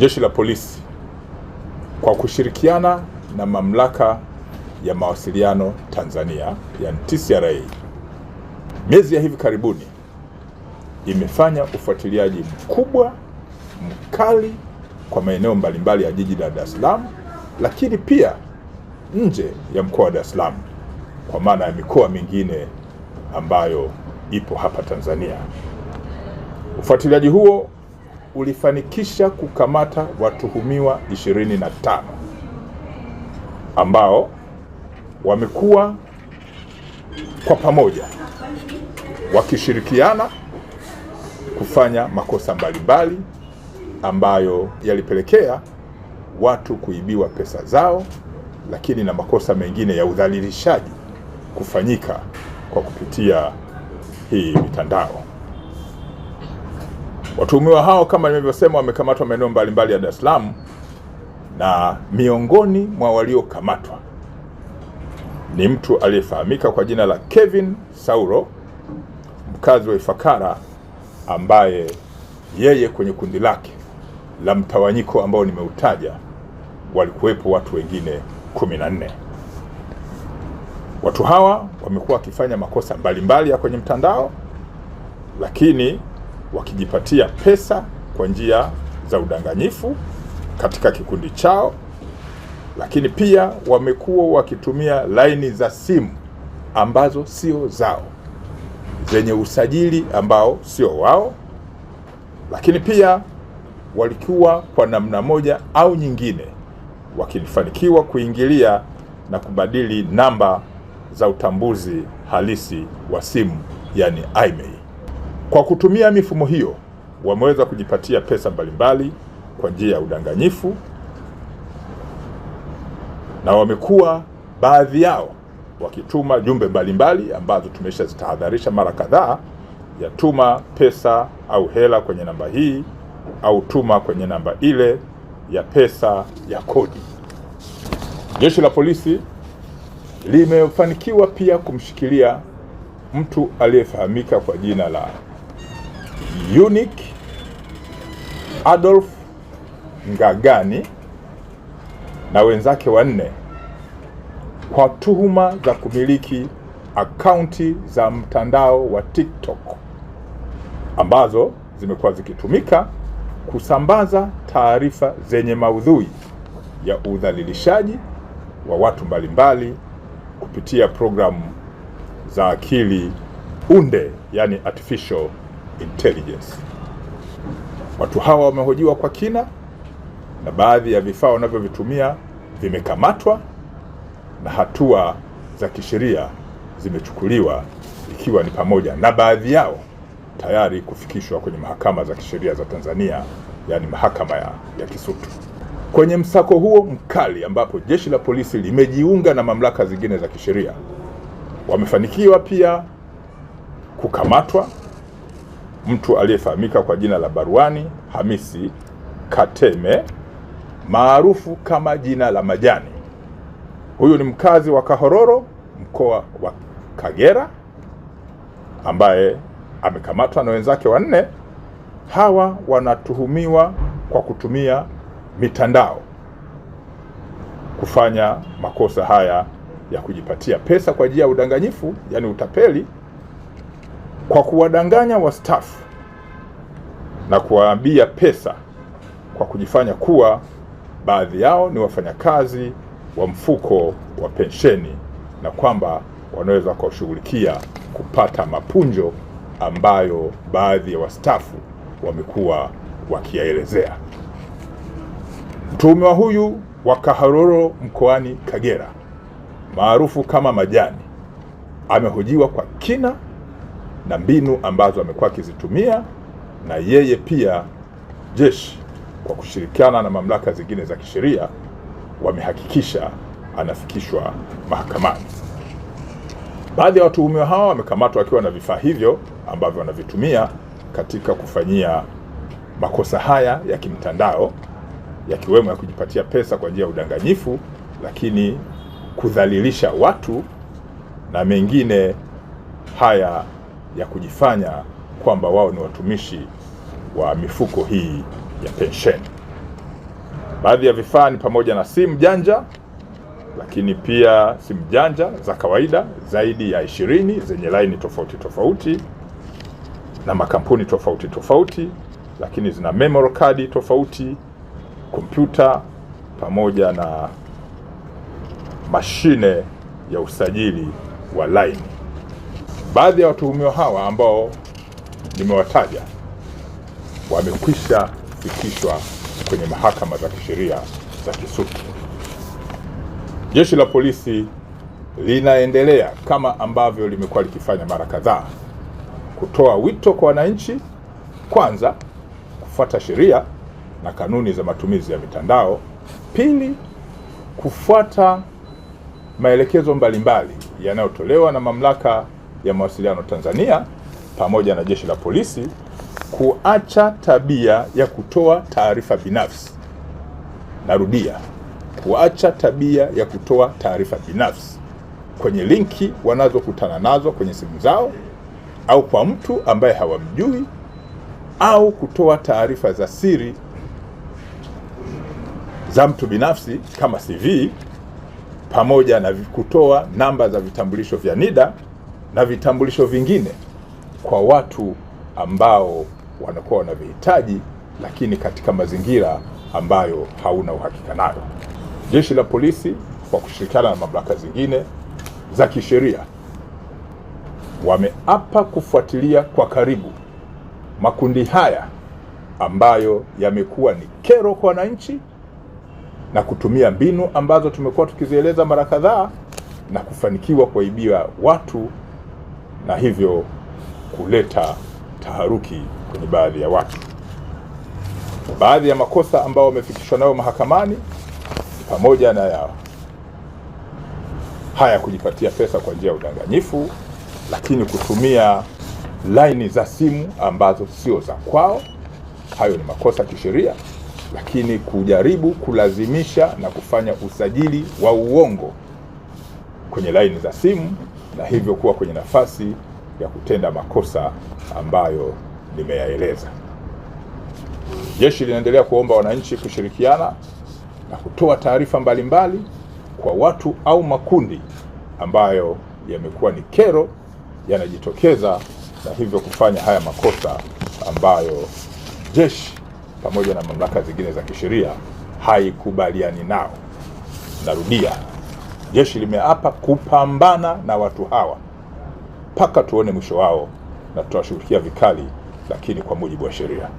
Jeshi la Polisi kwa kushirikiana na Mamlaka ya Mawasiliano Tanzania, yani TCRA, miezi ya hivi karibuni imefanya ufuatiliaji mkubwa mkali kwa maeneo mbalimbali ya jiji la Dar es Salaam, lakini pia nje ya mkoa wa Dar es Salaam kwa maana ya mikoa mingine ambayo ipo hapa Tanzania. Ufuatiliaji huo ulifanikisha kukamata watuhumiwa 25 ambao wamekuwa kwa pamoja wakishirikiana kufanya makosa mbalimbali ambayo yalipelekea watu kuibiwa pesa zao, lakini na makosa mengine ya udhalilishaji kufanyika kwa kupitia hii mitandao. Watuhumiwa hao kama nilivyosema, wamekamatwa maeneo mbalimbali ya Dar es Salaam na miongoni mwa waliokamatwa ni mtu aliyefahamika kwa jina la Kevin Sauro, mkazi wa Ifakara, ambaye yeye kwenye kundi lake la mtawanyiko ambao nimeutaja walikuwepo watu wengine 14. Watu hawa wamekuwa wakifanya makosa mbalimbali mbali ya kwenye mtandao, lakini wakijipatia pesa kwa njia za udanganyifu katika kikundi chao, lakini pia wamekuwa wakitumia laini za simu ambazo sio zao zenye usajili ambao sio wao, lakini pia walikuwa kwa namna moja au nyingine wakifanikiwa kuingilia na kubadili namba za utambuzi halisi wa simu, yani IMEI. Kwa kutumia mifumo hiyo wameweza kujipatia pesa mbalimbali kwa njia ya udanganyifu, na wamekuwa baadhi yao wakituma jumbe mbalimbali ambazo tumeshazitahadharisha mara kadhaa, ya tuma pesa au hela kwenye namba hii au tuma kwenye namba ile ya pesa ya kodi. Jeshi la polisi limefanikiwa pia kumshikilia mtu aliyefahamika kwa jina la Unique Adolf ngagani na wenzake wanne kwa tuhuma za kumiliki akaunti za mtandao wa TikTok ambazo zimekuwa zikitumika kusambaza taarifa zenye maudhui ya udhalilishaji wa watu mbalimbali kupitia programu za akili unde, yani artificial intelligence. Watu hawa wamehojiwa kwa kina na baadhi ya vifaa wanavyovitumia vimekamatwa na hatua za kisheria zimechukuliwa, ikiwa ni pamoja na baadhi yao tayari kufikishwa kwenye mahakama za kisheria za Tanzania, yaani mahakama ya, ya Kisutu. Kwenye msako huo mkali ambapo jeshi la polisi limejiunga na mamlaka zingine za kisheria, wamefanikiwa pia kukamatwa mtu aliyefahamika kwa jina la baruani Hamisi Kateme maarufu kama jina la Majani. Huyu ni mkazi wa Kahororo mkoa wa Kagera ambaye amekamatwa na wenzake wanne. Hawa wanatuhumiwa kwa kutumia mitandao kufanya makosa haya ya kujipatia pesa kwa njia ya udanganyifu, yani utapeli kwa kuwadanganya wastaafu na kuwaambia pesa kwa kujifanya kuwa baadhi yao ni wafanyakazi wa mfuko wa pensheni na kwamba wanaweza kuwashughulikia kupata mapunjo ambayo baadhi ya wastaafu wamekuwa wakiyaelezea. Mtuhumiwa huyu wa Kaharoro mkoani Kagera maarufu kama Majani amehojiwa kwa kina na mbinu ambazo amekuwa akizitumia na yeye pia jeshi kwa kushirikiana na mamlaka zingine za kisheria wamehakikisha anafikishwa mahakamani. Baadhi ya watuhumiwa hawa wamekamatwa wakiwa na vifaa hivyo ambavyo wanavitumia katika kufanyia makosa haya ya kimtandao yakiwemo ya kujipatia pesa kwa njia ya udanganyifu, lakini kudhalilisha watu na mengine haya ya kujifanya kwamba wao ni watumishi wa mifuko hii ya pensheni. Baadhi ya vifaa ni pamoja na simu janja, lakini pia simu janja za kawaida zaidi ya ishirini zenye laini tofauti tofauti na makampuni tofauti tofauti, lakini zina memory card tofauti, kompyuta pamoja na mashine ya usajili wa laini. Baadhi ya watuhumiwa hawa ambao nimewataja wamekwisha fikishwa kwenye mahakama za kisheria za Kisutu. Jeshi la polisi linaendelea kama ambavyo limekuwa likifanya mara kadhaa, kutoa wito kwa wananchi kwanza, kufuata sheria na kanuni za matumizi ya mitandao; pili, kufuata maelekezo mbalimbali yanayotolewa na mamlaka ya Mawasiliano Tanzania pamoja na Jeshi la Polisi kuacha tabia ya kutoa taarifa binafsi. Narudia, kuacha tabia ya kutoa taarifa binafsi kwenye linki wanazokutana nazo kwenye simu zao au kwa mtu ambaye hawamjui au kutoa taarifa za siri za mtu binafsi kama CV pamoja na kutoa namba za vitambulisho vya NIDA na vitambulisho vingine kwa watu ambao wanakuwa wanavihitaji, lakini katika mazingira ambayo hauna uhakika nayo. Jeshi la Polisi kwa kushirikiana na mamlaka zingine za kisheria wameapa kufuatilia kwa karibu makundi haya ambayo yamekuwa ni kero kwa wananchi na kutumia mbinu ambazo tumekuwa tukizieleza mara kadhaa na kufanikiwa kuwaibia watu na hivyo kuleta taharuki kwenye baadhi ya watu. Baadhi ya makosa ambayo wamefikishwa nayo mahakamani pamoja na ya haya kujipatia pesa kwa njia ya udanganyifu, lakini kutumia laini za simu ambazo sio za kwao, hayo ni makosa kisheria. Lakini kujaribu kulazimisha na kufanya usajili wa uongo kwenye laini za simu na hivyo kuwa kwenye nafasi ya kutenda makosa ambayo nimeyaeleza. Jeshi linaendelea kuomba wananchi kushirikiana na kutoa taarifa mbalimbali kwa watu au makundi ambayo yamekuwa ni kero, yanajitokeza na hivyo kufanya haya makosa ambayo jeshi pamoja na mamlaka zingine za kisheria haikubaliani nao. Narudia. Jeshi limeapa kupambana na watu hawa mpaka tuone mwisho wao, na tutawashughulikia vikali, lakini kwa mujibu wa sheria.